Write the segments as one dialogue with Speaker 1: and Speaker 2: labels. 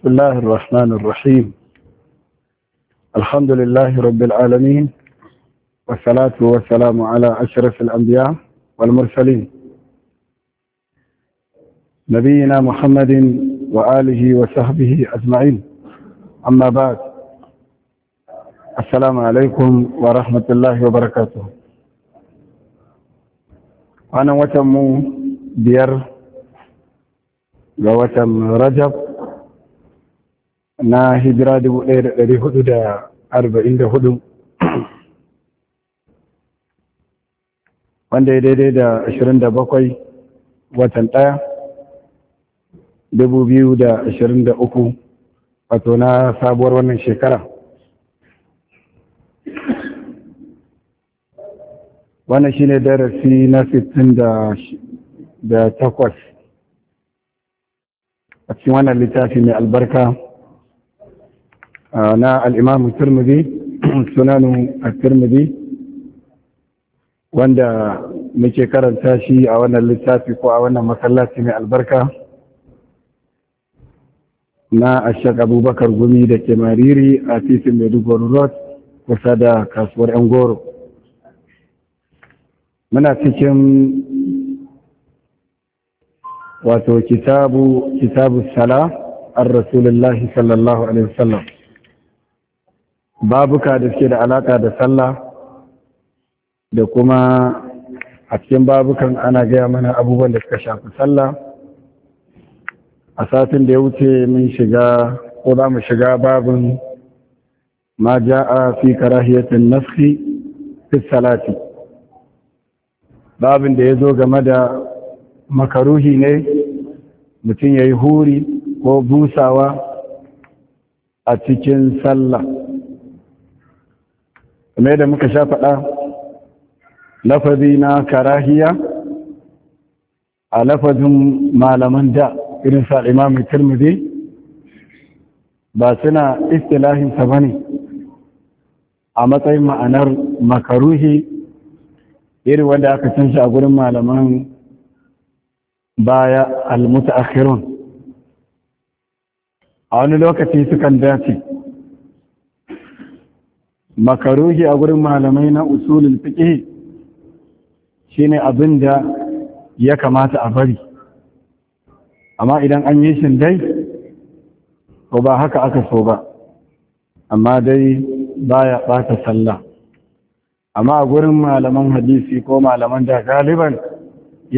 Speaker 1: بسم الله الرحمن الرحيم الحمد لله رب العالمين والصلاة والسلام على أشرف الأنبياء والمرسلين نبينا محمد وآله وصحبه أجمعين أما بعد السلام عليكم ورحمة الله وبركاته أنا وتم بير وتم رجب na hijira dubu ɗaya da ɗari hudu da arba'in da hudu wanda ya daidai da ashirin da bakwai watan ɗaya dubu biyu da ashirin da uku wato na sabuwar wannan shekara wannan shine darasi na sittin da takwas a cikin wannan littafi mai albarka na al'imamu turmudi sunanu a turmudi wanda muke karanta shi a wannan littafi ko a wannan masallaci mai albarka na ashek abubakar gumi da ke mariri a titin maiduguri road kusa da kasuwar yan goro muna cikin wato kitabu kitabu sala an rasulullahi sallallahu alaihi wasallam babuka da suke da alaƙa da sallah da kuma a cikin babukan ana gaya mana abubuwan da suka shafi sallah a satin da ya wuce mun shiga ko za mu shiga babin ma ja'a fi karahiyatin naski, fi salati babin da ya zo game da makaruhi ne mutum ya yi huri ko busawa a cikin sallah kuma yadda muka sha faɗa lafazi na karahiya a lafazin malaman da irin sa imamu turmudi ba suna istilahinsa ba ne a matsayin ma'anar makaruhi irin wanda aka canshi a gurin malaman baya almuta akhirun a wani lokaci sukan dace makaruhi a gurin malamai na usulul shi shine abin da ya kamata a bari amma idan an yi shin dai ko ba haka aka so ba amma dai baya ɓata sallah amma a gurin malaman hadisi ko malaman da galiban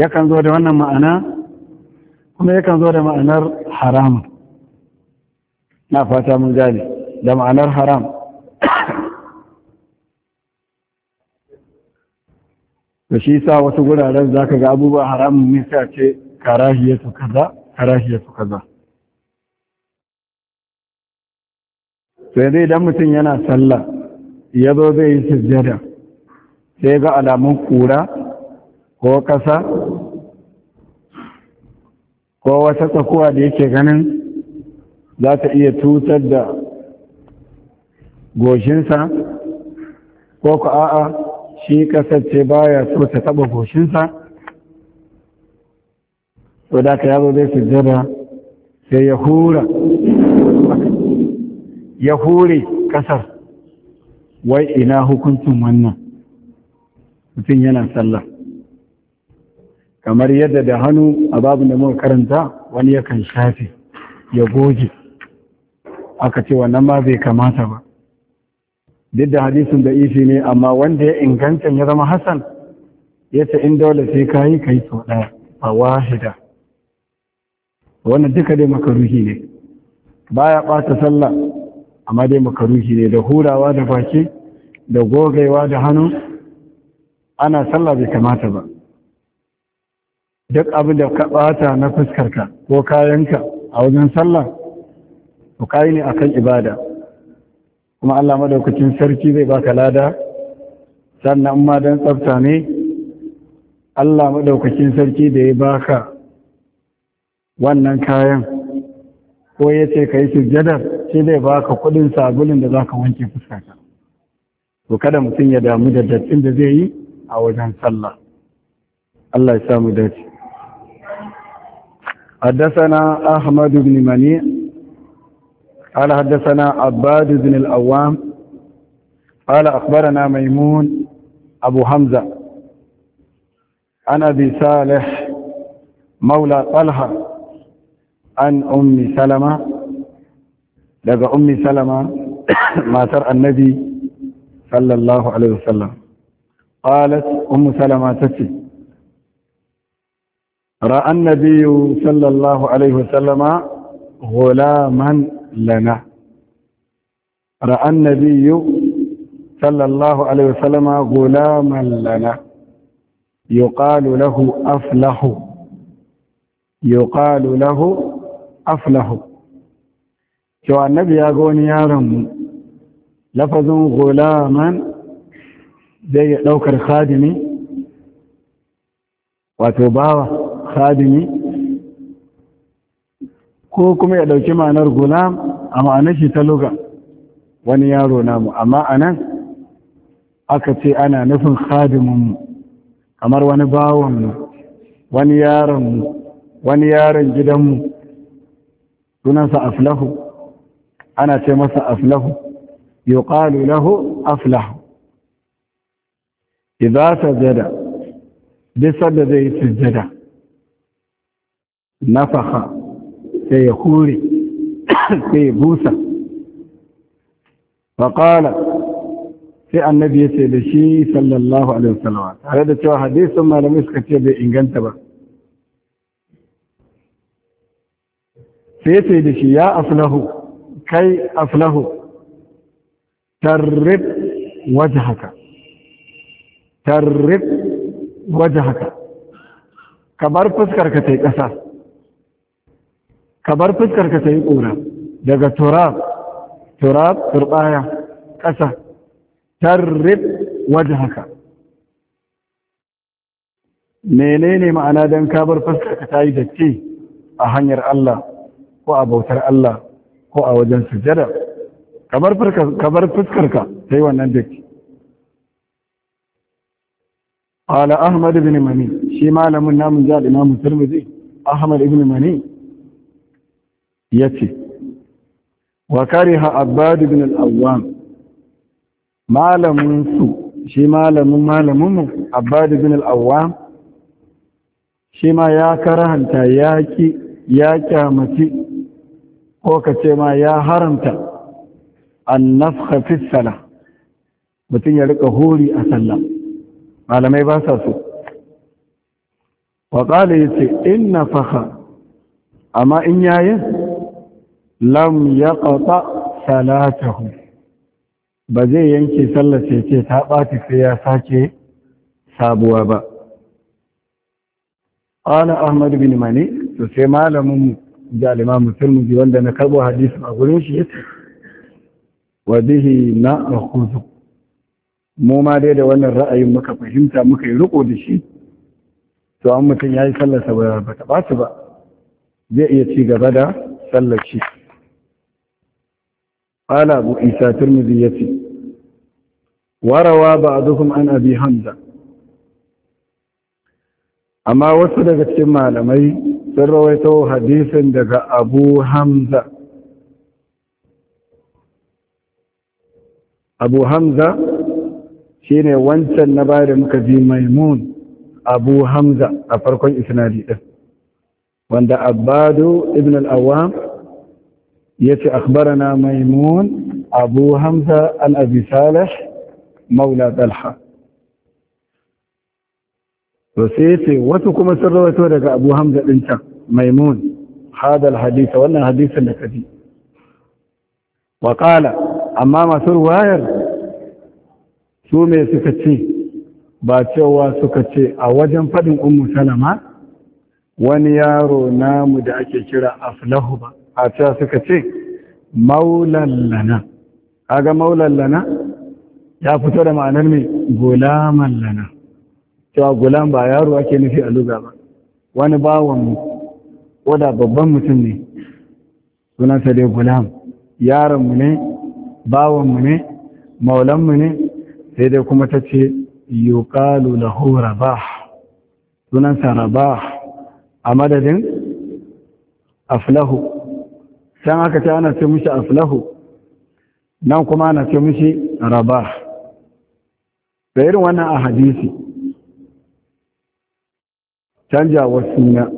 Speaker 1: yakan zo da wannan ma'ana kuma yakan zo da ma'anar haram na fata mun gane da ma'anar haram da shi sa wasu guraren za ka ga abubuwa haramun nisa ce karahiyatu kaza karahiyatu kaza sai dai idan mutum yana sallah ya zo zai yi sujjada sai ga alamun kura ko kasa ko wata tsakuwa da yake ganin za ta iya tutar da goshinsa ko ku a'a shi kasance baya so ta taba goshinsa So da ka yazo zai sujjada sai ya hura ya hure kasar wai ina hukuncin wannan mutum yana sallah kamar yadda da hannu a babu da muka karanta wani yakan shafe ya goge aka ce wannan ma bai kamata ba duk da hadisin da ifi ne amma wanda ya inganta ya zama Hassan, ya ce in dole sai ka yi kai sau ɗaya a wahida wannan duka dai makaruhi ne ba ya ɓata sallah amma dai makaruhi ne da hurawa da baki da gogewa da hannu ana sallah bai kamata ba duk abin da ka ɓata na fuskarka ko kayanka a wajen sallah to kayi ne kan ibada kuma Allah madaukakin sarki zai baka lada sannan ma don tsafta ne Allah madaukakin sarki da ya baka wannan kayan ko ya ce ka yi sujjada shi zai baka kudin sabulin da zaka wanke fuskarka to kada mutum ya damu da dattin da zai yi a wajen sallah Allah ya samu dace حدثنا أحمد بن منيع قال حدثنا عباد بن الأوام قال أخبرنا ميمون أبو حمزة عن أبي صالح مولى طلحة عن أم سلمة لقى أم سلمة ما ترى النبي صلى الله عليه وسلم قالت أم سلمة تتي رأى النبي صلى الله عليه وسلم غلاما لنا رأى النبي صلى الله عليه وسلم غلاما لنا يقال له أفلح يقال له أفلح شو النبي يقول يا رم لفظ غلاما زي لوكر خادمي وتباوى خادمي ko kuma ya ɗauki ma'anar gulam a ma'anar shi ta luga wani yaro namu amma a nan aka ce ana nufin khadiminmu kamar wani bawanmu wani yaronmu wani yaron gidanmu sunansa aflahu ana ce masa aflahu yuqalu lahu aflahu idza sajada duk da zai sujjada nafakha sai ya kore sai ya busa faƙala sai annabi ya ce da shi sallallahu alaihi wasallam tare da cewa hadisin malamai suka ce bai inganta ba sai ya ce da shi ya aflahu kai aflahu tarrib wajhaka tarrib wajhaka kamar fuskar ka ta yi ƙasa kamar fuskar ka ta yi ƙura daga turab turab turbaya ƙasa tarrib wajen haka menene ma'ana don kabar fuskar ka ta yi datti a hanyar Allah ko a bautar Allah ko a wajen sujada kamar fuskar ka ta yi wannan datti قال أحمد بن مني شي ما لم نام جاء الإمام الترمذي أحمد بن مني ya ce wa kariha abbad ibn al-awwam malamin su shi malamin malamin abbad ibn al-awwam shi ma ya karahanta yaki ya kyamaci ko kace ma ya haramta an nafka fi mutum ya rika hori a sallah malamai ba sa so wa qala yace inna faha amma in yayin lam ya ƙaƙa salatahu ba zai yanke sallace ce ta ɓata sai ya sake sabuwa ba ƙala Ahmadu bin mani to sai malaminmu jalima musulmi wanda na karɓo hadisu a gurin shi yace wa bihi na akhuzu mu ma dai da wannan ra'ayin muka fahimta muka yi riko da shi to an mutum ya yi sallarsa ba ta ɓata ba zai iya ci gaba da sallar shi qala abu isa tirmidhi yace warawa ba'duhum ana bi hamza amma wasu daga cikin malamai sun rawaito hadisin daga abu hamza abu hamza shine wancan na bada muka ji maimun abu hamza a farkon isnadi din wanda abbado ibn al-awwam yace akhbarana maimun abu hamza an abi salih maula talha to sai wasu kuma sun rawaito daga abu hamza din can maimun hada alhadith wannan hadisin da ka wa qala amma masu ruwayar su me suka ce ba cewa suka ce a wajen faɗin ummu salama wani yaro namu da ake kira aflahu ba a ta suka ce maulan lana ga maulan lana ya fito da ma'anar mai gulaman lana cewa gulam ba yaro ake nufi a luga ba wani bawan mu ko babban mutum ne sunansa dai gulam yaron mu ne bawan mu ne maulan mu ne sai dai kuma ta ce yuqalu lahu rabah sunansa rabah a madadin aflahu can aka ce ana ce mishi aflahu nan kuma ana ce mishi raba da irin wannan a hadisi canja wasu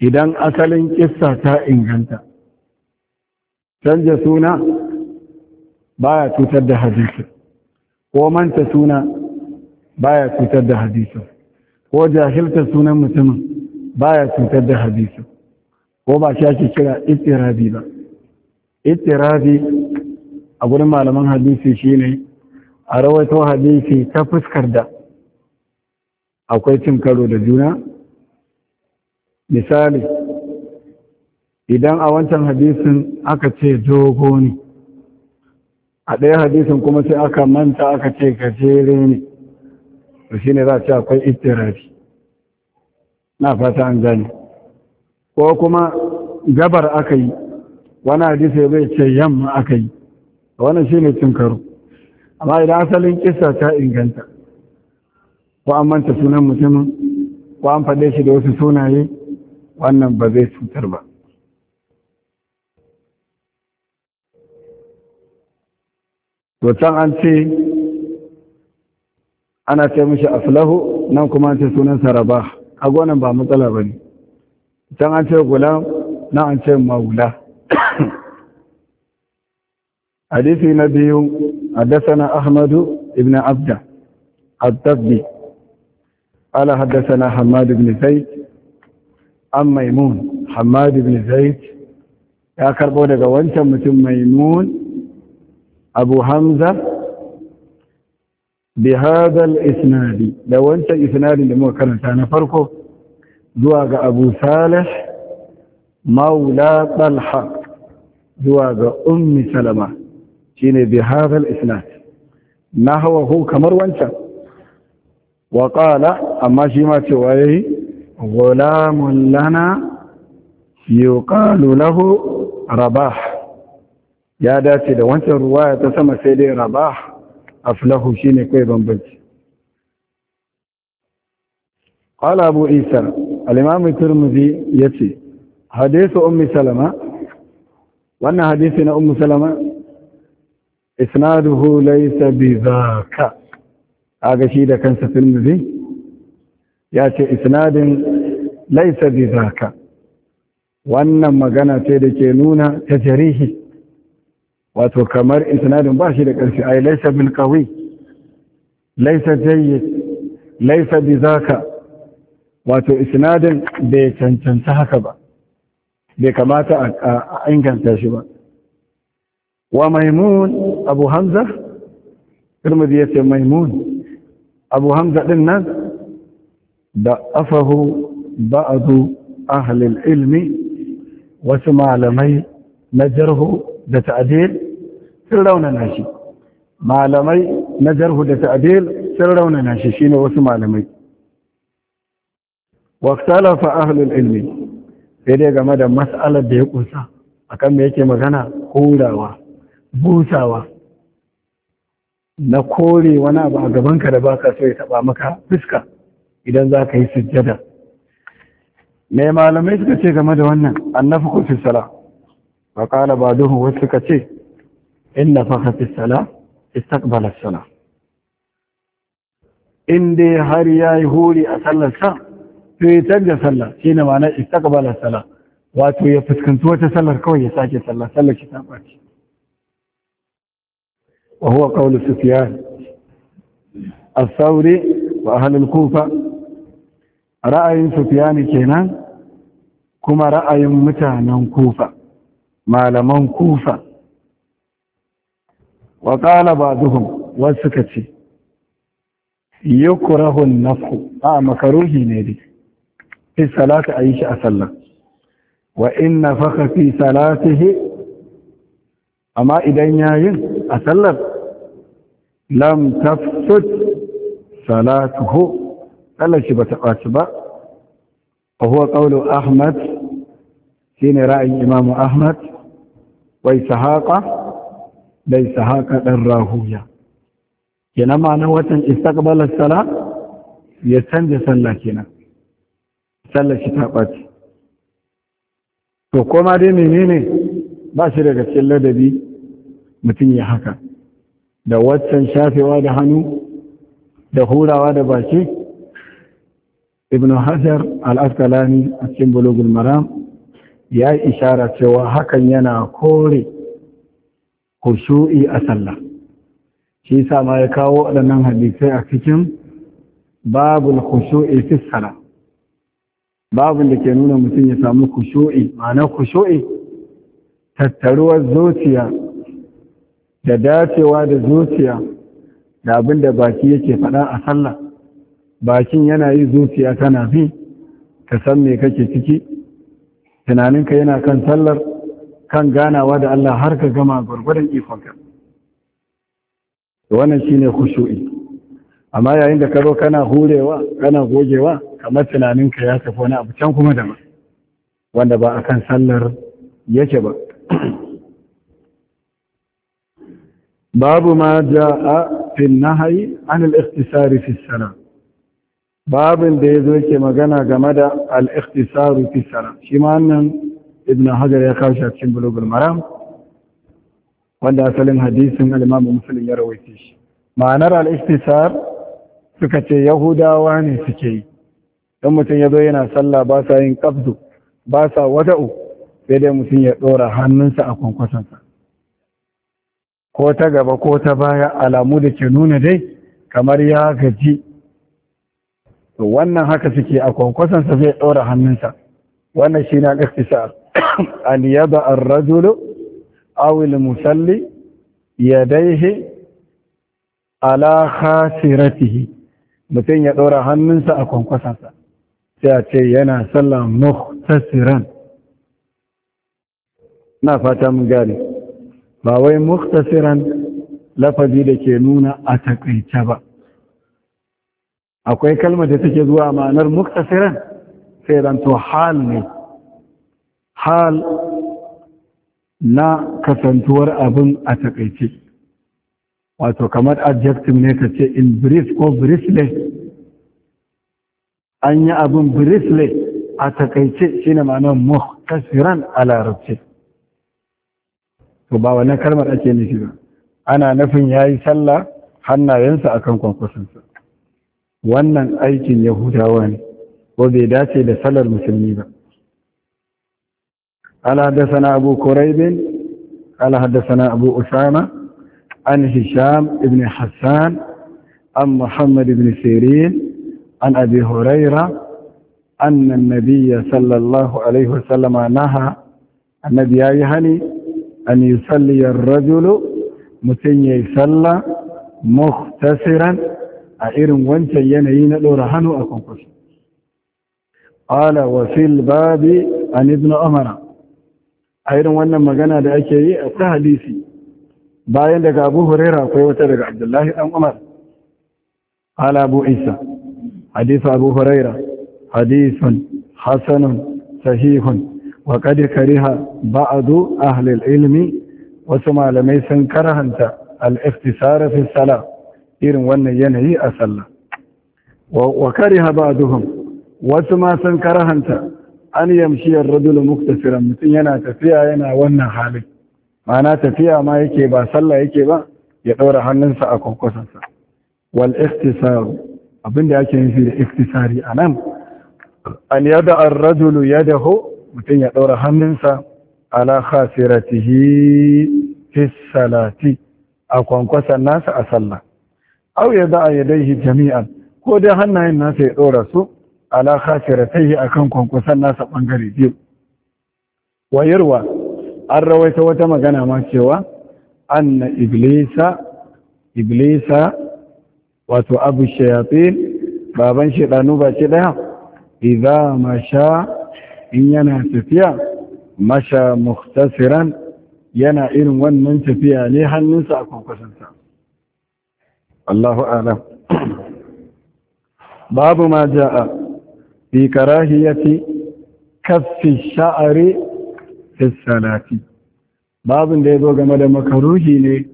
Speaker 1: idan asalin kissa ta inganta canja suna baya cutar da hadisi ko manta suna baya cutar da hadisi ko jahilta sunan mutumin baya cutar da hadisi ko ba shi ake kira itirabi ba itirabi a gurin malaman hadisi shine a rawaito hadisi ta fuskar da akwai cin karo da juna misali idan a wancan hadisin aka ce dogo ne a ɗaya hadisin kuma sai aka manta aka ce gajere ne to shine za a ce akwai itirabi na fata an gani ko kuma gabar aka yi wani hadisai zai ce yamma aka yi Wani shi ne cin karo amma idan asalin kisa ta inganta ko an manta sunan mutumin ko an faɗe shi da wasu sunaye wannan ba zai cutar ba wacan an ce ana ce mishi aflahu nan kuma an ce sunan saraba a gonan ba matsala ba ne can an ce gulam na an ce maula hadisi na biyu haddasana ahmadu ibn abda الضبي haddasa na Hamadu Ibn Zaid, an Maimun, Hamadu Ibn Zaid. Ya karbo daga wancan mutum maimun abu hamza bi hadal isnadi da wancan isnadin da muka karanta na farko zuwa ga abu salih maula Balha, zuwa ga ummi salama shine bi Na isnad nahwahu kamar wancan wa qala amma shi ma cewa yayi ghulamun lana yuqalu ƙalulahu rabah ya dace da wancan ruwa ya ta sama sai dai rabah aflahu shine kai bambanci ƙala abu isa alimami imam ya yace hadisu ummi salama wannan hadisi na ummi salama isnaduhu laisa bizaka aga shi da kansa turmuzi yace isnadin laysa bi wannan magana ce da ke nuna ta jarihi wato kamar isnadin ba shi da ƙarfi ai laisa bil laisa laysa jayyid laysa wato isnadin bai cancanta haka ba bai kamata a inganta shi ba wa maimun abu hamza turmudi ya ce maimun abu hamza din nan da afahu ba'adu ahlil ilmi wasu malamai na jarhu da ta'adil sun raunana shi malamai na jarhu da ta'adil sun raunana shi shine wasu malamai waktalafa ahlul ilmi sai dai game da mas'alar da ya ƙusa akan me yake magana horawa busawa na kore wani abu a gabanka da baka so ya taɓa maka fuska idan za ka yi sujjada mai malamai suka ce game da wannan annafi ku fi sala ba kala ba wasu suka ce inna faka fi sala istakbalar sala in dai har ya yi hori a sallar sallarsa to ya canja sallah shi ne ma'ana istaqbala sallah wato ya fuskanci wata sallar kawai ya sake sallah sallar ki ta ɓaci wa huwa qawlu sufyan as-sawri wa ahli al-kufa ra'ayin sufyan kenan kuma ra'ayin mutanen kufa malaman kufa wa qala ba'dhum wasu kace yukrahu an-nafhu a makaruhi ne dai fi salati a yi shi a sallah wa in nafaka fi salatihi amma idan yayin a sallar lam tafsud salatuhu sallar shi ba ta ɓaci ba a huwa ahmad shi ne ra'ayin imamu ahmad wai sahaka dai sahaƙa ɗan rahuya kenan ma na watan istaƙbalar sala ya canza sallah kenan sallar shi ta ɓaci to koma dai menene ba shi daga cikin ladabi mutum ya haka da waccan shafewa da hannu da hurawa da baki ibn hajar al askalani a cikin bulugul maram ya yi ishara cewa hakan yana kore hushu'i a sallah shi sama ma ya kawo waɗannan hadisai a cikin babul hushu'i fi sallah babin da ke nuna mutum ya samu kushu'i ma'ana kushu'i tattaruwar zuciya da dacewa da zuciya da abin da baki yake faɗa a sallah bakin yana yi zuciya tana fi ka san me kake ciki tunaninka yana kan sallar kan ganawa da Allah har ka gama gwargwadon ikonka wannan shine khushu'i amma yayin da ka zo kana hurewa kana gogewa kamar tunaninka ya tafi wani abu can kuma dama, wanda ba a kan sallar yake ba babu ma ja'a fil nahyi an al-ikhtisari fi sana. babin da ya zo ke magana game da al-ikhtisaru fi sana. shi ma nan ibn hajar ya kawo shafin bulogul cikin maram wanda asalin hadisin alimamin musulun ya rawaita shi ma'anar al suka ce yahudawa ne suke yi dan mutum ya zo yana sallah ba sa yin kabdu ba sa wada'u sai dai mutum ya ɗora hannunsa a kwankwasonsa ko ta gaba ko ta baya alamu da ke nuna dai kamar ya gaji to wannan haka suke a kwankwasonsa zai ɗora hannunsa wannan shi na ƙasƙisa an yaba an rajulu awil musalli daihe ala khasiratihi mutum ya ɗora hannunsa a kwankwasonsa sai a ce yana sallah muhtasiran na fata mun gane ba wai muhtasiran lafazi da ke nuna a takaice ba akwai kalmar da take zuwa ma'anar muktasiran sai ranto hal ne hal na kasantuwar abin a takaice wato kamar adjective ne ka ce in brief ko briefless an yi abin briefly a takaice shi ne ma'anar muhtasiran a larabci to ba wannan kalmar ake nufi ba ana nufin ya yi sallah hannayensa a kan kwankwasansa wannan aikin yahudawa ne ko bai dace da salar musulmi ba قال abu أبو كريب قال usama an Usama, ibn hassan Ibn Hassan, An محمد Ibn عن أبي هريرة أن النبي صلى الله عليه وسلم نهى النبي يهني أن يصلي الرجل متن يصلى مختصرا أئرم وانت ينين لورهن أكنكش قال وفي الباب عن ابن عمر أئرم وانا مغانا دا أكي أتحديثي باين لك أبو هريرة قوة لك عبد الله أم عمر قال أبو عيسى حديث أبو هريرة حديث حسن صحيح وقد كره بعض أهل العلم وسمع لميسا كرهنت الاختصار في الصلاة إرن ون ينهي أسلا وكره بعضهم وسمع سنكرهنت أن يمشي الرجل مكتسرا مثل ينا تفيا ينا ون حالي ma'ana tafiya ma yake ba sallah yake ba ya ɗaura hannunsa a kwankwasansa wal ikhtisar abinda yake nufi da iktisari a nan an yada an rajulu ya daho mutum ya ɗaura hannunsa ala khasiratihi fi salati a kwankwasan nasa a sallah au ya da'a yadaihi jami'an ko dai hannayen nasa ya ɗora su ala a kan kwankwasan nasa ɓangare biyu wayarwa an rawaita wata magana ma cewa anna iblisa iblisa wato abu shayatin baban shaidanu ba ce daya idza masha in yana tafiya masha muhtasiran yana irin wannan tafiya ne hannunsa a kwankwasansa Allahu alam babu ma ja'a fi karahiyati kaffi sha'ari fi salati babin da ya zo game da makaruhi ne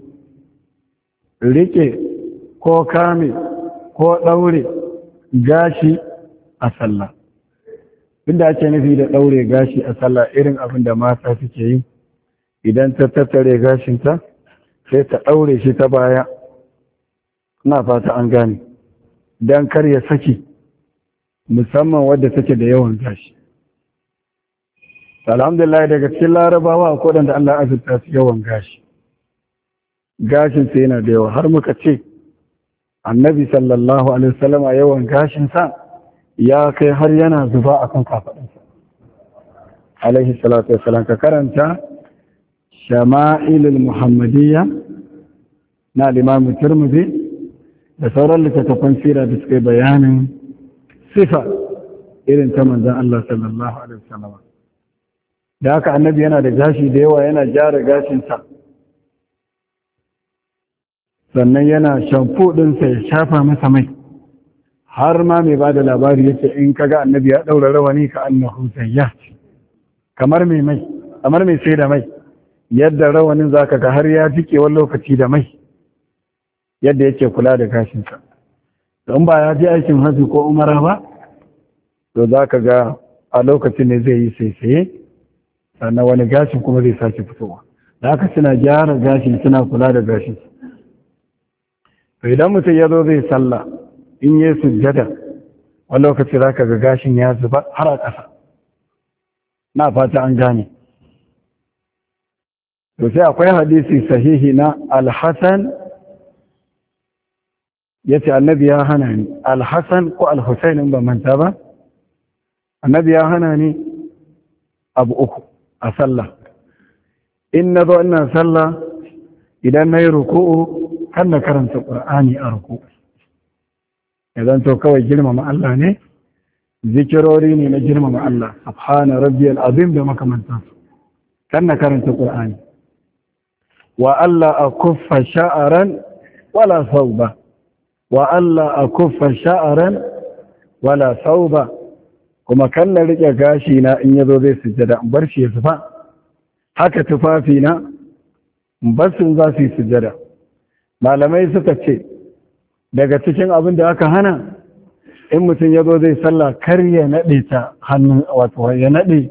Speaker 1: rike ko kame ko ɗaure gashi a sallah inda ake nufi da ɗaure gashi a sallah irin abin da mata suke yi idan ta tattare gashinta sai ta ɗaure shi ta baya na fata an gane don kar ya saki musamman wadda take da yawan gashi alhamdulillah daga cikin larabawa a kodanda Allah azurta su yawan gashi gashin sai yana da yawa har muka ce annabi sallallahu alaihi wasallam yawan gashinsa ya kai har yana zuba kan kafaɗinsa. alaihi salatu wassalam ka karanta shama'ilul muhammadiyya na Limamin turmuzi da sauran littattafan sira da suka bayanin sifa irin ta manzan Allah sallallahu alaihi wasallam da haka annabi yana da gashi da yawa yana gyara gashinsa sannan yana shamfo ɗinsa ya shafa masa mai har ma mai ba da labari ya ce in kaga annabi ya ɗaura rawani ka annahu kamar mai mai kamar mai sai da mai yadda rawanin ka ga har ya jike wani lokaci da mai yadda yake kula da gashinsa don ba ya je aikin haji ko umara ba to ka ga a lokacin ne zai yi saisaye sannan wani gashin kuma zai sake fitowa da haka suna gyara gashin suna kula da gashin idan mutum ya zo zai sallah in yi sujjada wani lokaci za ka ga gashin ya zuba har a ƙasa na fata an gane to sai akwai hadisi sahihi na alhassan ya ce annabi ya hana ni alhassan ko alhussain ba manta ba annabi ya hana ni abu uku a sallah in na zo ina sallah idan na yi ruku'u Kanna karanta ƙur'ani a ruku Idan to kawai girmama Allah ne zikirori ne na girmama Allah subhana rabbiyal azim da makamantan kan na karanta ƙur'ani wa Allah a kuffa sha'aran wala sauba wa Allah a kuffa sha'aran wala sauba kuma kan na riƙe gashi na in yazo zai sujjada bar shi ya tufa haka tufafi na in za su yi sujjada malamai suka ce daga cikin abin da aka hana in mutum ya zo zai sallah kar ya naɗe ta hannu wato ya naɗe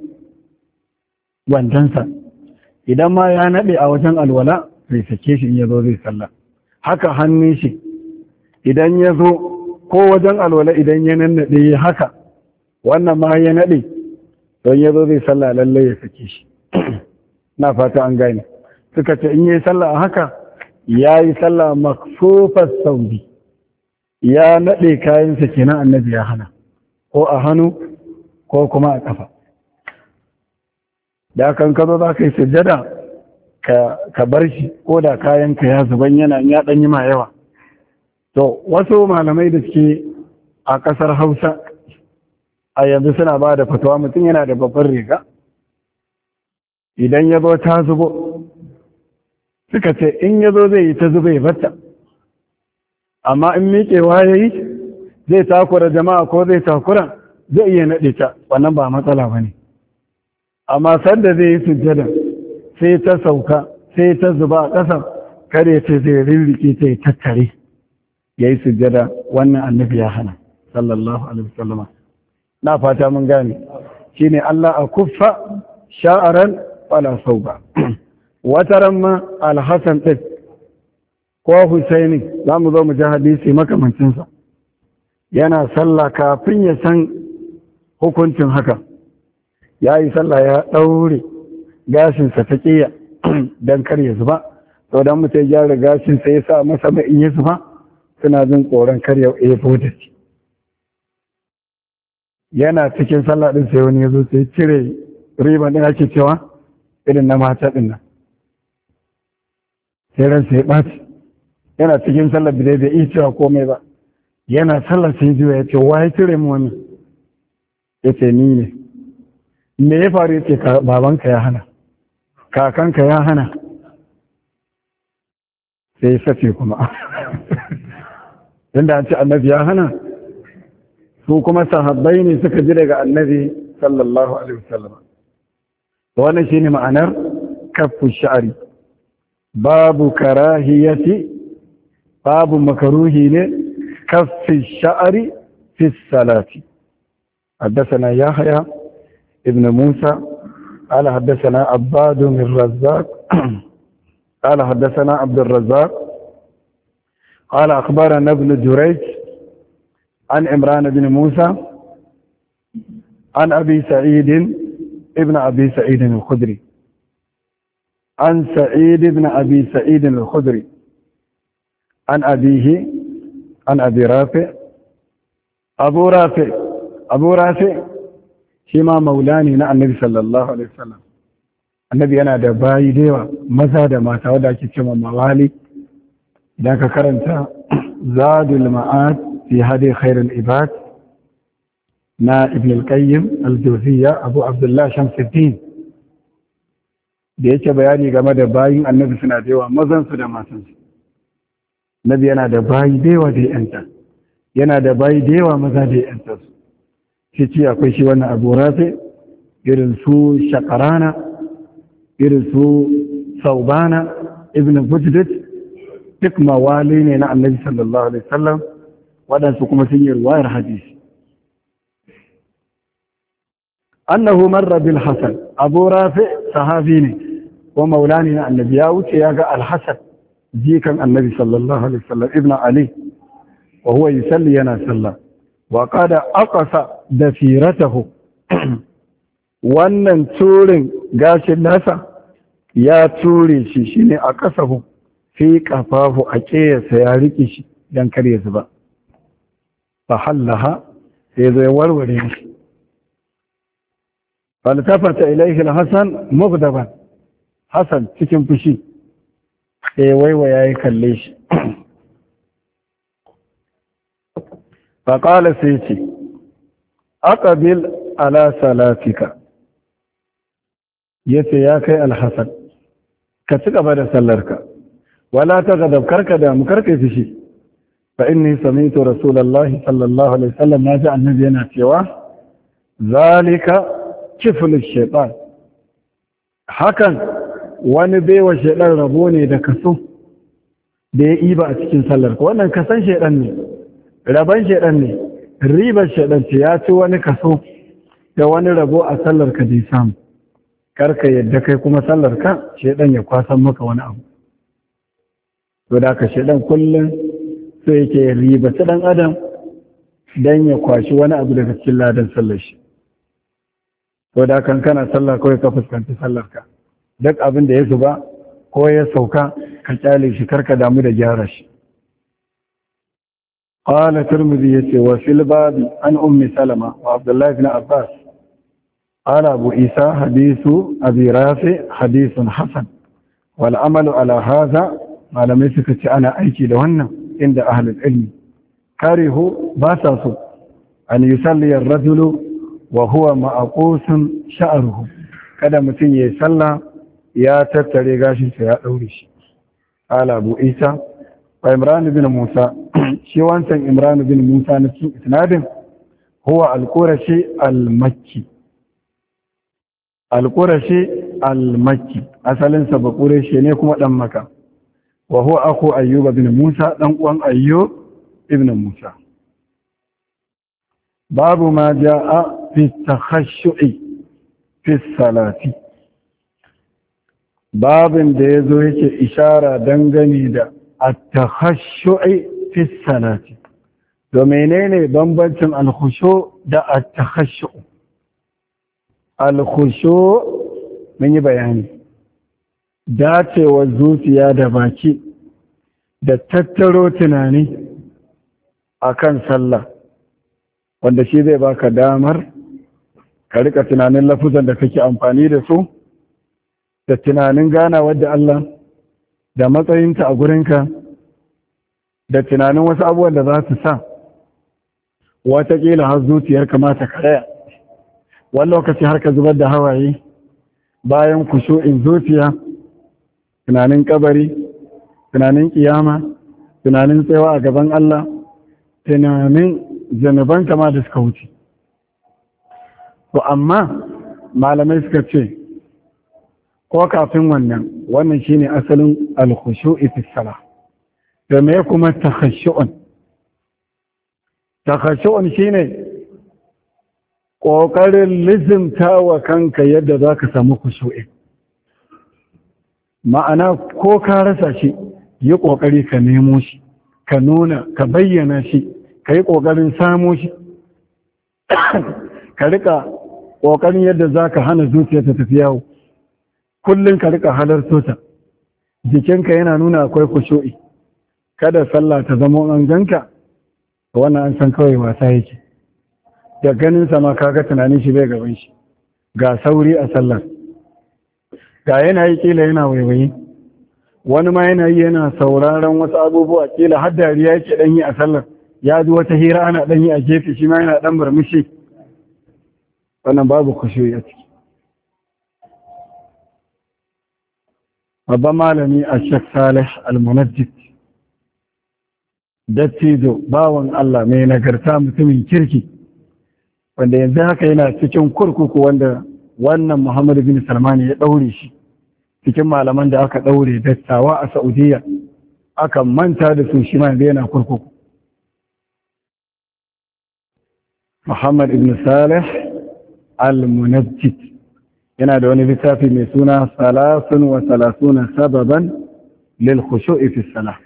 Speaker 1: wandansa idan ma ya naɗe a wajen alwala zai sake shi in ya zo zai sallah haka hannun shi idan ya zo ko wajen alwala idan ya nannaɗe haka wannan ma ya naɗe don ya zo zai sallah lallai ya sake shi na fata an gane suka ce in yi sallah a haka ya yi sallah maksufar saudi ya naɗe kayansa kenan annabi ya hana ko a hannu ko kuma a ƙafa da kan ka ba za ka yi sujjada ka bar shi ko da kayanka ya zuban yana ya ɗanyi ma yawa to wasu malamai da suke a ƙasar hausa a yanzu suna ba da fatawa mutum yana da babbar riga idan ya zo ta zubo suka ce in ya zo zai yi ta zuba ya bata amma in miƙewa ya yi zai takura jama'a ko zai takura zai iya naɗe ta wannan ba matsala ba ne amma sanda zai yi sujjada sai ta sauka sai ta zuba a ƙasa kare ce zai rirrike ta yi tattare ya yi sujjada wannan annabi ya hana sallallahu alaihi wasallama na fata mun gane shine Allah a kuffa sha'aran wala sauba Wata ma alhassan ɗin ko husaini za mu zo mu ji hadisi makamancinsa yana sallah kafin ya san hukuncin haka ya yi sallah ya ɗaure gashinsa ta ƙiya don kar ya zuba sau don mutum ya gyara gashinsa ya sa masa mai in ya zuba suna jin tsoron kar ya fota yana cikin sallah ɗin sai wani ya zo sai cire riban ɗin ake cewa irin na mata ɗin nan sai ransa ya ɓaci yana cikin sallar bidai da iya cewa komai ba yana sallar sai juya ya ce wa ya cire mu wannan ya ce ni ne me ya faru ya ce babanka ya hana kakanka ya hana sai ya sace kuma inda an ce annabi ya hana su kuma sahabbai ne suka ji daga annabi sallallahu alaihi wasallam wannan shine ma'anar kafin sha'ari babu karahiyati babu makaruhi ne الشعر sha'ari fi salati حدثنا يحيى ابن موسى قال حدثنا عباد بن الرزاق قال حدثنا عبد الرزاق قال أخبرنا ابن جريج عن عمران بن موسى عن أبي سعيد ابن أبي سعيد الخدري عن سعيد بن أبي سعيد الخدري عن أبيه عن أبي رافع أبو رافع أبو رافع شما مولاني نعم النبي صلى الله عليه وسلم النبي أنا دبائي ديوة مزاد ما تودعك كما موالي ذاك كرنت زاد المعاد في هذه خير الإباد نا ابن القيم الجوزية أبو عبد الله شمس الدين da yake bayani game da bayin annabi suna da yawa mazansu da matansu nabi yana da bayi da yawa da yanta yana da bayi da yawa maza da yanta su shi ce akwai shi wannan abu rafi irin su shakarana irin su saubana ibn bujdit duk mawali ne na annabi sallallahu alaihi wasallam waɗansu kuma sun yi ruwayar hadisi annahu marra bil hasan abu rafi sahabi ne ko maulani na annabi ya wuce ya ga alhassan jikan annabi sallallahu alaihi wasallam ibn ali wa huwa yana sallah wa qada aqasa da firatahu wannan turin gashin nasa ya ture shi shine a kasahu fi ƙafafu a ƙeyarsa ya riƙe shi don kar ya zuba fa hallaha sai zai warware shi faltafata ilaihi alhasan mugdaban Hassan cikin fushi eh, waiwa ya yi kalle shi faƙala sai ce bil ala salatika yace ya kai alhassan ka ci gaba da sallarka wala ta ga karka da mu karka fushi fa inni sami'tu rasulallah, sallallahu alaihi wasallam ji annabi yana cewa zalika kiflu shaytan hakan wani baiwa shaidan rabo ne da kaso da ya iba a cikin sallar wannan kasan shaidan ne raban shaidan ne ribar shaidan ce ya ci wani kaso da wani rabo a sallar ka zai samu karka yadda kai kuma sallar ka shaidan ya kwasan maka wani abu to da ka shaidan kullum sai yake riba ta dan adam dan ya kwashi wani abu daga cikin ladan sallar shi to da kan kana sallah kawai ka fuskanci sallar ka duk abin da ya zuba ko ya sauka ka kyale shi kar ka damu da gyara shi qala ya ce wa fil bab an um salama wa abdullah ibn abbas qala abu isa hadisu abi hadisun Hassan. hasan wal amal ala hadha malamai suka ce ana aiki da wannan inda ahlul ilmi karihu basa sa so an yusalli ar-rajulu wa huwa ma'qusun sha'ruhu kada mutum ya yi sallah ya tattare gashinsa ya ɗaure shi ala abu isa wa imran bin musa shi wancan imran bin musa na cikin isnadin huwa alƙurashi almakki alqurashi almakki asalin sa ne kuma dan maka wa huwa aku ayyuba bin musa dan uwan ayyub ibn musa babu ma jaa fi takhashshu'i fi salati babin da ya zo yake ishara dangane da attahashu'i Fisalati, salati menene bambancin alkhushu da attahashu alkhushu mun yi bayani dacewar zuciya da baki da tattaro tunani a kan sallah wanda shi zai baka damar ka rika tunanin lafuzan da kake amfani da su da tunanin ganawa da Allah da matsayinta a gurinka da tunanin wasu abubuwan da za su sa watakila har zuciyar kamata karaya wani lokaci har ka zubar da hawaye bayan in zuciya tunanin ƙabari, tunanin kiyama tunanin tsewa a gaban Allah tunanin zanuban kama da suka wuce to amma malamai suka ce ko kafin wannan wannan shine asalin alkhushu'i fi sala da me kuma takhashu'un takhashu'un shine ƙoƙarin lizimta wa kanka yadda za ka samu kushu'i ma'ana ko ka rasa shi yi ƙoƙari ka nemo shi ka nuna ka bayyana shi ka yi ƙoƙarin samo shi ka riƙa ƙoƙarin yadda za ka hana zuciya ta tafi yawo kullum ka rika halarto ta jikinka yana nuna akwai kusho'i kada sallah ta zama an A wannan an san kawai wasa yake da ganin sama kaga tunanin shi bai gaban shi ga sauri a sallar ga yana yi kila yana waiwaye wani ma yana yi yana sauraron wasu abubuwa kila har dariya yake dan yi a sallar ya ji wata hira ana dan yi a gefe shi ma yana dan murmushi wannan babu kusho'i a ciki babban malami a shek salih almunajjid dattijo bawan Allah mai nagarta mutumin kirki wanda yanzu haka yana cikin kurkuku wanda wannan Muhammadu bin Salman ya ɗaure shi cikin malaman da aka ɗaure dattawa a Saudiya aka manta da su shi ma yana kurkuku Muhammad ibn Salih al-Munajjid yana da wani littafi mai suna salasun wa salasuna sababan lil khushu'i fi salah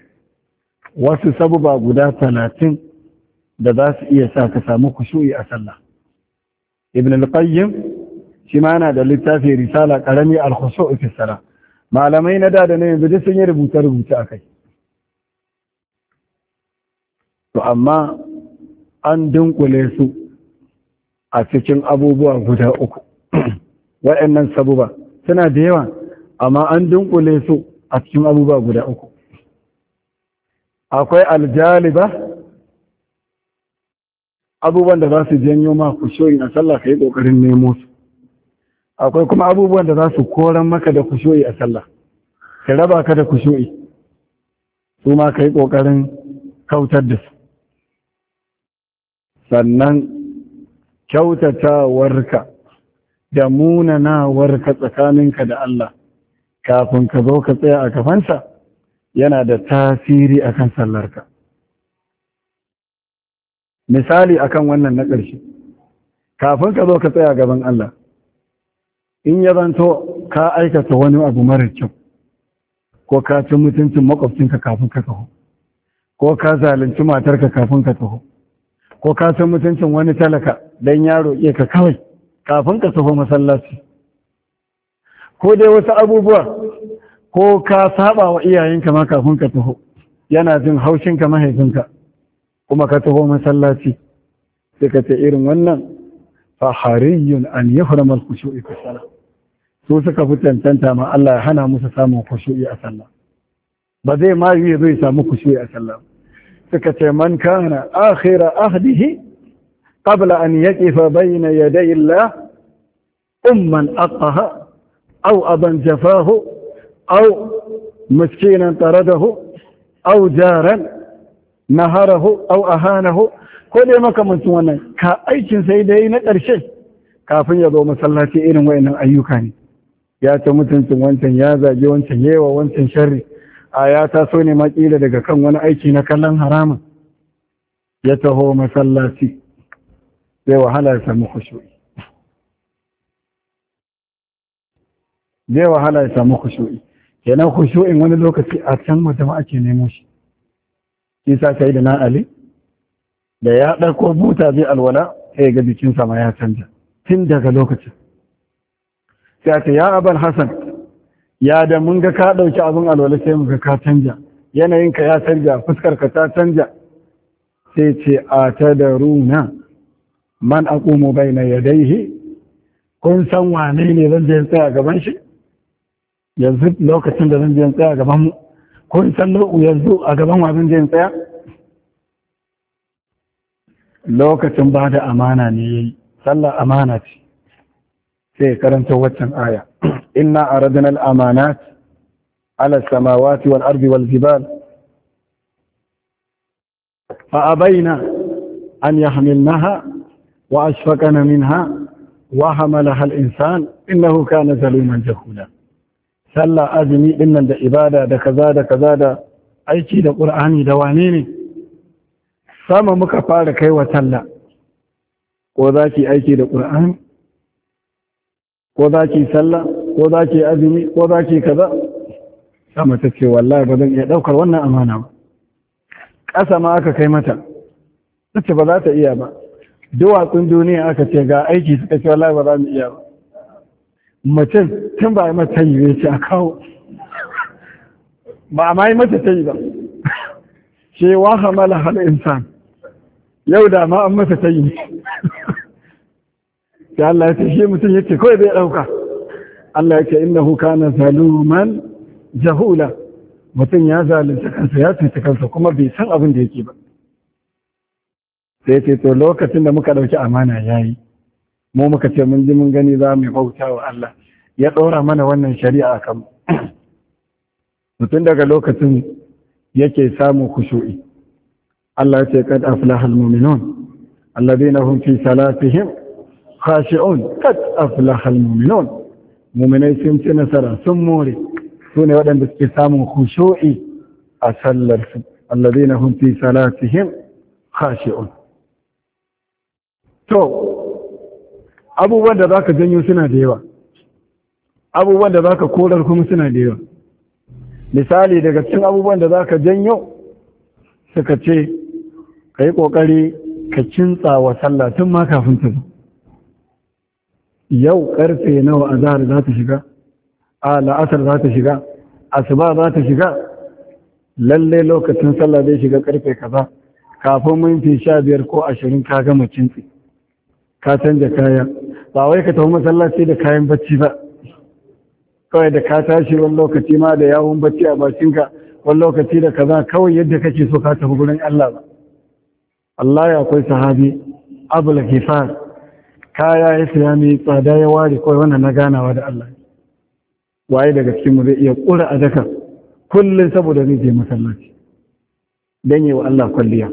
Speaker 1: wasu sababa guda talatin da za su iya sa ka samu khushu'i a sallah ibn al-qayyim shi ma yana da littafi risala karami al-khushu'i fi salah malamai na da da ne yanzu sun yi rubuta rubuta akai to amma an dunkule su a cikin abubuwa guda uku waɗannan sabuba suna da yawa amma an dunkule su a cikin abubuwa guda uku akwai aljaliba abubuwan da za su janyo ma kushoyi a sallah ka yi ƙoƙarin nemo su akwai kuma abubuwan da za su koran maka da kushoyi a sallah ka raba ka da kushoyi su ma ka yi ƙoƙarin kautar da su sannan kyautatawarka da munanawarka tsakaninka da Allah kafin ka zo ka tsaya a kafansa yana da tasiri akan sallarka misali akan wannan na ƙarshe kafin ka zo ka tsaya gaban Allah in ya zanto ka aikata wani abu mara kyau ko ka ci mutuncin makwabcinka kafin ka taho ko ka zalunci matarka kafin ka taho ko ka san mutuncin wani talaka don yaro ka kawai kafin ka taho masallaci ko dai wasu abubuwa ko ka saba wa iyayenka ma kafin ka taho yana jin haushinka mahaifinka kuma ka taho masallaci sai ka ce irin wannan fa hariyun an yahrama al-khushu'i fi salah su suka fi cancanta ma Allah ya hana musu samun khushu'i a sallah ba zai ma yi zai samu khushu'i a sallah suka ce man kana akhira ahdihi قبل أن يقف بين يدي الله أما أقها أو أبا جفاه أو مسكينا طرده أو جارا نهره أو أهانه ko dai makamancin wannan ka aikin sai dai na ƙarshe kafin ya zo masallaci irin wayannan ayyuka ne ya ta mutuncin wancan ya wancan yawa wancan sharri a ya taso ne makila daga kan wani aiki na kallon haramun ya taho masallaci sai wahala ya samu kushu'i zai wahala ya samu kushu'i kenan khushu'in wani lokaci a can wajen ake nemo shi isa yi da na ali da ya ɗarko buta zai alwala sai ga jikin sama ya canja tun daga lokacin sai ta ya abal hasan ya da mun ga ka ɗauki abin alwala sai mun ga ka canja yanayinka ya canja fuskar ka ta canja sai ce a ta da runa من أقوم بين يديه كن سواني لنجين سيا قبنشي يزد لو كتن لنجين سيا قبن كن سلو ويزدو أقبن وابنجين سيا لو كتن بعد أمانة ني صلى أمانة سي كرن توتن آية إنا أردنا الأمانات على السماوات والأرض والجبال فأبينا أن يحملنها وأشفقنا منها وحملها الإنسان kuka كان ظلوما جهولا sallah azumi din da ibada da kaza da kaza da aiki da qur'ani da wane ne sama muka fara kai wa sallah ko za ki aiki da qur'ani ko za ki sallah ko za ki azumi ko za ki kaza sama ce wallahi ba zan iya daukar wannan amana ƙasa ma aka kai mata ta ce ba za ta iya ba duwatsun duniya aka ce ga aiki suka ce wallahi ba za mu iya ba mutum tun ba a mata yi a kawo ba a ma yi mata ta yi ba ce wa hamala hal insan yau da ma an mata ta yi sai Allah ya ce shi mutum yake kawai bai ɗauka Allah ya ce na na zaluman jahula mutum ya zalunta kansa ya cuta kansa kuma bai san abin da yake ba sai ce to lokacin da muka ɗauki amana ya yi mu muka ce mun ji mun gani za mu bauta wa Allah ya ɗora mana wannan shari'a a mutum daga lokacin yake samun kushu'i Allah ce kad aflaha almu'minun alladhina hum fi salatihim khashi'un kad aflaha almu'minun mu'minai sun ci nasara sun more su ne waɗanda suke samun khushu'i a sallar su alladhina hum fi salatihim khashi'un to abubuwan da za ka janyo suna da yawa abubuwan da za ka korar kuma suna da yawa misali daga cikin abubuwan da za ka janyo suka ce ka yi ƙoƙari ka cintsawa wa sallah ma kafin ta zo yau ƙarfe nawa a zahar za ta shiga a la'asar za ta shiga asuba za ta shiga lallai lokacin sallah zai shiga ƙarfe kaza kafin minti sha biyar ko ashirin ka gama cintsi. ka canja kaya ba wai ka tafi masallaci da kayan bacci ba kawai da ka tashi wani lokaci ma da yawon bacci a bakinka wani lokaci da kaza kawai yadda kake so ka tafi gurin Allah ba Allah ya akwai sahabi abu abul hifar kaya ya siya mai tsada ya ware kawai wannan na ganawa da Allah waye daga cikin mu zai iya kura a daka kullum saboda zai je masallaci dan yi wa Allah kwalliya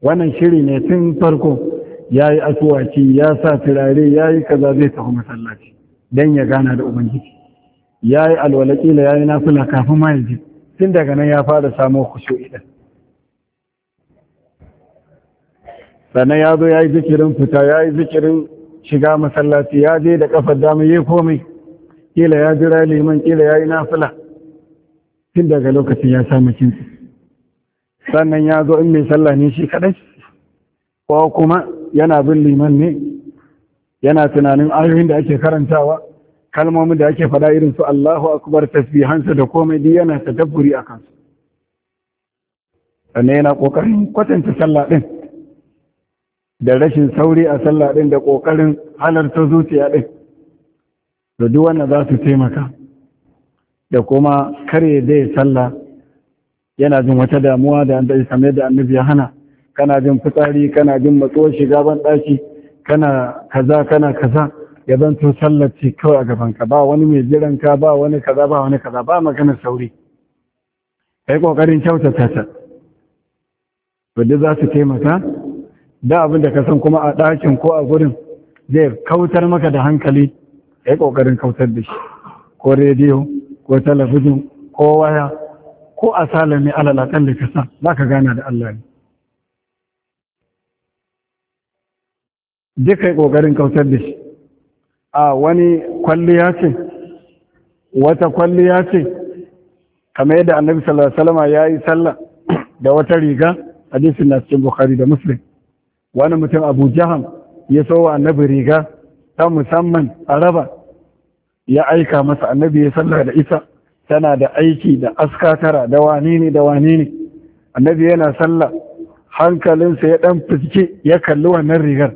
Speaker 1: wannan shiri ne tun farko ya yi asuwaci ya sa turare ya yi kaza zai tafi masallaci don ya gana da ubangiji ya yi alwalakila ya yi nafula kafin ma yaji tun daga nan ya fara samun kusho idan sannan ya zo ya yi zikirin fita ya yi zikirin shiga masallaci ya je da kafar dama ya komai kila ya jira liman kila ya yi nafula tun daga lokacin ya samu kinsu sannan ya zo in mai sallah ne shi kaɗai ko kuma yana bin liman ne yana tunanin ayoyin da ake karantawa kalmomin da ake faɗa irin su Allahu akbar tasbihansa da komai duk yana tadabburi a su sannan yana kokarin kwatanta sallah ɗin da rashin sauri a sallah ɗin da ƙoƙarin halarta zuciya ɗin to duk wannan za su taimaka da kuma kare dai sallah yana jin wata damuwa da an da same da annabi ya hana kana jin fitsari kana jin matsuwar shiga ban ɗaki kana kaza kana kaza ya zan to ce kawai a gaban ka. ba wani mai jiran ka ba wani kaza ba wani kaza ba magana sauri kai kokarin kyautata ta to duk za su taimaka da abin da ka san kuma a ɗakin ko a gurin zai kautar maka da hankali kai kokarin kautar da shi ko rediyo ko talabijin ko waya ko a salami da akalli ka sa za ka gana da Allah ne je kai kokarin kautar da shi a wani kwalliya ce wata kwalliya ce kamar yadda annabi sallallahu alaihi wasallam ya yi sallah da wata riga hadisin na cikin bukhari da muslim wani mutum abu jaham ya so wa annabi riga ta musamman a raba ya aika masa annabi ya sallah da isa tana da aiki da askatara da wani ne da wani ne annabi yana sallah hankalinsa ya dan fiske ya kalli wannan rigar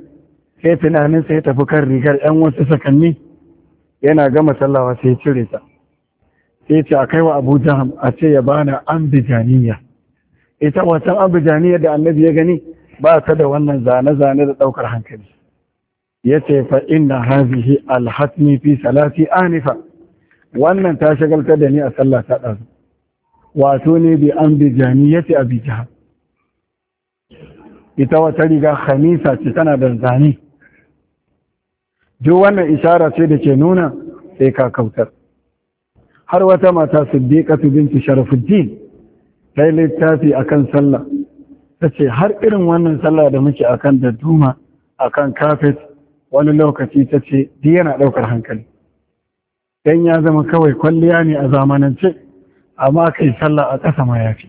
Speaker 1: sai tunaninsa ya tafi kan rigar 'yan wasu sakanni yana gama sallawa sai cire ta sai ce a kai wa abu jaham a ce ya bana ambijaniya ita wancan ambijaniya da annabi ya gani ba ta da wannan zane-zane da ɗaukar hankali ya ce fa inna hazihi alhatmi fi salati anifa wannan ta shagalta da ni a sallah ta ɗazu wato ne bi ambijaniya ce abi jaham ita wata riga khamisa ce tana da zane duk wannan ishara sai da ke nuna sai ka kautar har wata mata Siddika, binti sharafuddin ta sai littafi akan sallah ta ce har irin wannan sallah da muke akan da duma akan kafet wani lokaci ta ce duk yana ɗaukar hankali dan ya zama kawai kwalliya ne a zamanance amma kai sallah a ƙasa ma yafi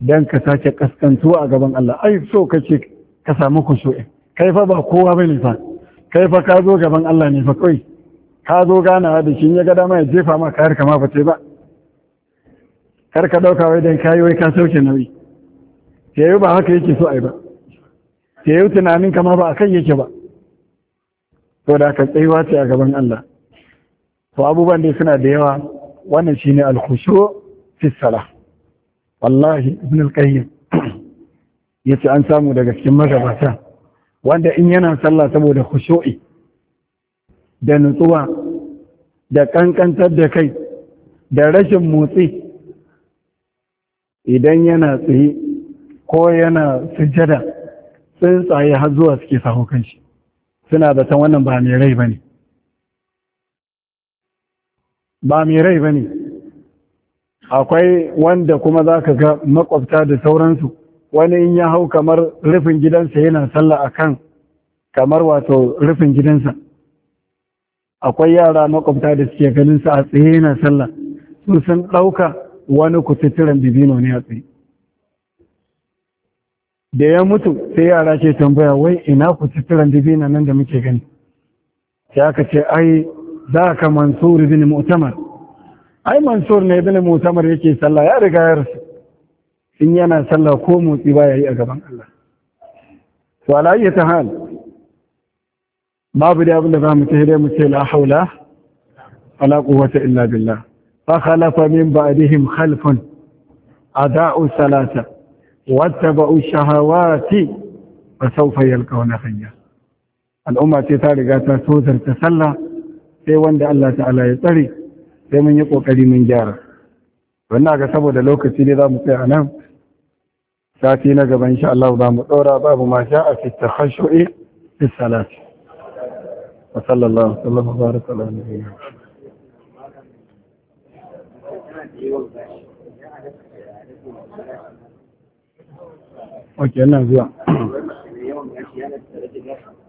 Speaker 1: dan ka sake kaskantuwa a gaban Allah ai so kace ka samu kushu'i kai fa ba kowa bane fa kai fa ka zo gaban Allah ne fa kawai ka zo ganawa da shi ya ga dama ya jefa ma kayar kama fa ce ba kar ka dauka wai dan kayi wai ka sauke nauyi yau ba haka yake so ai ba yayi tunanin kama ba akan yake ba to da ka tsayuwa ce a gaban Allah to abubuwan da suna da yawa wannan shine al-khushu fi salah wallahi ibn al-qayyim yace an samu daga cikin magabata wanda in yana sallah saboda khushu'i da nutsuwa da kankantar da kai da rashin motsi idan yana tsaye ko yana sujada tsuntsaye har zuwa suke sahu kanshi suna zaton wannan ba mai rai ba ne. ba mai rai ba ne. akwai wanda kuma za ka ga makwabta da sauransu wani in ya hau kamar rufin gidansa yana sallah a kan kamar wato rufin gidansa akwai yara makwabta da suke ganin sa a tsaye yana sallah su sun ɗauka wani kututturen bibino ne a tsaye da ya mutu sai yara ce tambaya wai ina kututturen bibino nan da muke gani sai aka ce ai za ka mansur bin mu'tamar ai mansur ne bin mu'tamar yake sallah ya riga ya rasu in yana sallah ko motsi ba ya yi a gaban Allah to alayya ta hal babu da abin da mu ce dai mu ce la haula ala quwwata illa billah fa khalafa min ba'dihim khalfun ada'u salata wattaba'u shahawati fa sawfa yalqawna khayya al'umma ce ta riga ta so ta sallah sai wanda Allah ta'ala ya tsare sai mun yi kokari mun gyara wannan ga saboda lokaci ne za mu tsaya nan sati na gaba insha Allah za mu ɗora babu ma sha a fita hashu'i fi salati wa sallallahu sallam wa baraka ala nabiyina Ok, nan zuwa.